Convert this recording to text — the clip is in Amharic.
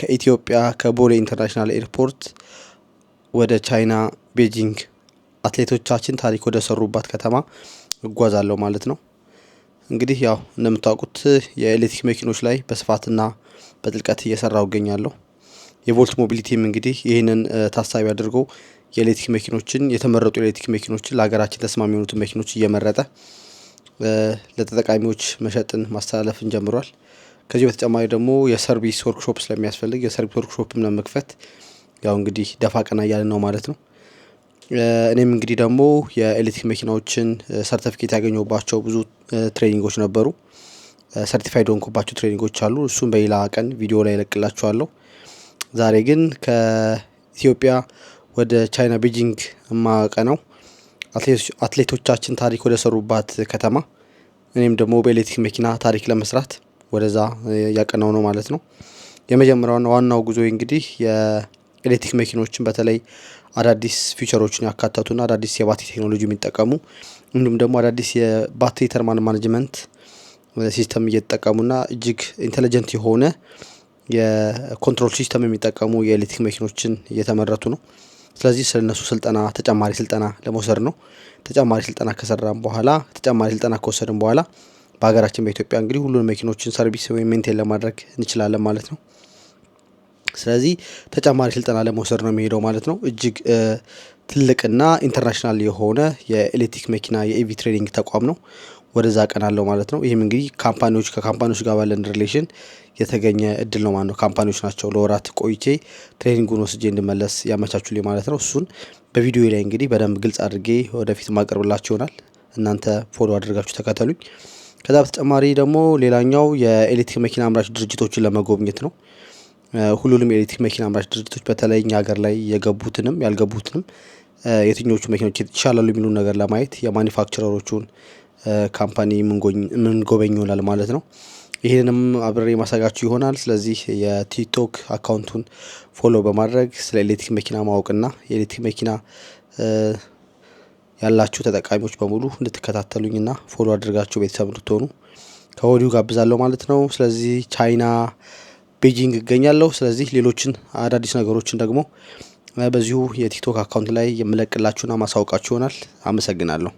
ከኢትዮጵያ ከቦሌ ኢንተርናሽናል ኤርፖርት ወደ ቻይና ቤጂንግ አትሌቶቻችን ታሪክ ወደ ሰሩባት ከተማ እጓዛለሁ ማለት ነው። እንግዲህ ያው እንደምታውቁት የኤሌክትሪክ መኪኖች ላይ በስፋትና በጥልቀት እየሰራው እገኛለሁ። የቮልት ሞቢሊቲም እንግዲህ ይህንን ታሳቢ አድርጎ የኤሌክትሪክ መኪኖችን የተመረጡ ኤሌክትሪክ መኪኖችን ለሀገራችን ተስማሚ የሆኑትን መኪኖች እየመረጠ ለተጠቃሚዎች መሸጥን ማስተላለፍን ጀምሯል። ከዚህ በተጨማሪ ደግሞ የሰርቪስ ወርክሾፕ ስለሚያስፈልግ የሰርቪስ ወርክሾፕም ለመክፈት ያው እንግዲህ ደፋ ቀና እያልን ነው ማለት ነው። እኔም እንግዲህ ደግሞ የኤሌክትሪክ መኪናዎችን ሰርቲፊኬት ያገኘባቸው ብዙ ትሬኒንጎች ነበሩ። ሰርቲፋይድ ሆንኩባቸው ትሬኒንጎች አሉ። እሱም በሌላ ቀን ቪዲዮ ላይ እለቅላችኋለሁ። ዛሬ ግን ከኢትዮጵያ ወደ ቻይና ቤጂንግ ነው አትሌቶቻችን ታሪክ ወደ ሰሩባት ከተማ እኔም ደግሞ በኤሌክትሪክ መኪና ታሪክ ለመስራት ወደዛ ያቀናው ነው ማለት ነው። የመጀመሪያውና ዋናው ጉዞ እንግዲህ የኤሌክትሪክ መኪኖችን በተለይ አዳዲስ ፊውቸሮችን ያካተቱና አዳዲስ የባትሪ ቴክኖሎጂ የሚጠቀሙ እንዲሁም ደግሞ አዳዲስ የባትሪ ተርማን ማኔጅመንት ሲስተም እየተጠቀሙና እጅግ ኢንቴሊጀንት የሆነ የኮንትሮል ሲስተም የሚጠቀሙ የኤሌክትሪክ መኪኖችን እየተመረቱ ነው። ስለዚህ ስለ እነሱ ስልጠና ተጨማሪ ስልጠና ለመውሰድ ነው። ተጨማሪ ስልጠና ከሰራን በኋላ ተጨማሪ ስልጠና ከወሰድን በኋላ በሀገራችን በኢትዮጵያ እንግዲህ ሁሉን መኪኖችን ሰርቪስ ወይም ሜንቴን ለማድረግ እንችላለን ማለት ነው። ስለዚህ ተጨማሪ ስልጠና ለመውሰድ ነው የሚሄደው ማለት ነው። እጅግ ትልቅና ኢንተርናሽናል የሆነ የኤሌክትሪክ መኪና የኤቪ ትሬኒንግ ተቋም ነው። ወደዛ ቀን አለው ማለት ነው። ይህም እንግዲህ ካምፓኒዎች ከካምፓኒዎች ጋር ባለን ሪሌሽን የተገኘ እድል ነው ማለት ነው። ካምፓኒዎች ናቸው ለወራት ቆይቼ ትሬኒንጉን ወስጄ እንድመለስ ያመቻቹልኝ ማለት ነው። እሱን በቪዲዮ ላይ እንግዲህ በደንብ ግልጽ አድርጌ ወደፊት ማቀርብላችሁ ይሆናል። እናንተ ፎሎ አድርጋችሁ ተከተሉኝ። ከዛ በተጨማሪ ደግሞ ሌላኛው የኤሌክትሪክ መኪና አምራች ድርጅቶችን ለመጎብኘት ነው። ሁሉንም የኤሌክትሪክ መኪና አምራች ድርጅቶች በተለይ እኛ ሀገር ላይ የገቡትንም ያልገቡትንም የትኞቹ መኪናዎች ይሻላሉ የሚሉን ነገር ለማየት የማኒፋክቸረሮቹን ካምፓኒ የምንጎበኝ ይሆናል ማለት ነው። ይህንንም አብረር ማሳያችሁ ይሆናል ስለዚህ የቲክቶክ አካውንቱን ፎሎ በማድረግ ስለ ኤሌክትሪክ መኪና ማወቅና የኤሌክትሪክ መኪና ያላችሁ ተጠቃሚዎች በሙሉ እንድትከታተሉኝና ፎሎ አድርጋችሁ ቤተሰብ እንድትሆኑ ከወዲሁ ጋብዛለሁ ማለት ነው። ስለዚህ ቻይና ቤጂንግ እገኛለሁ። ስለዚህ ሌሎችን አዳዲስ ነገሮችን ደግሞ በዚሁ የቲክቶክ አካውንት ላይ የምለቅላችሁና ማሳወቃችሁ ይሆናል። አመሰግናለሁ።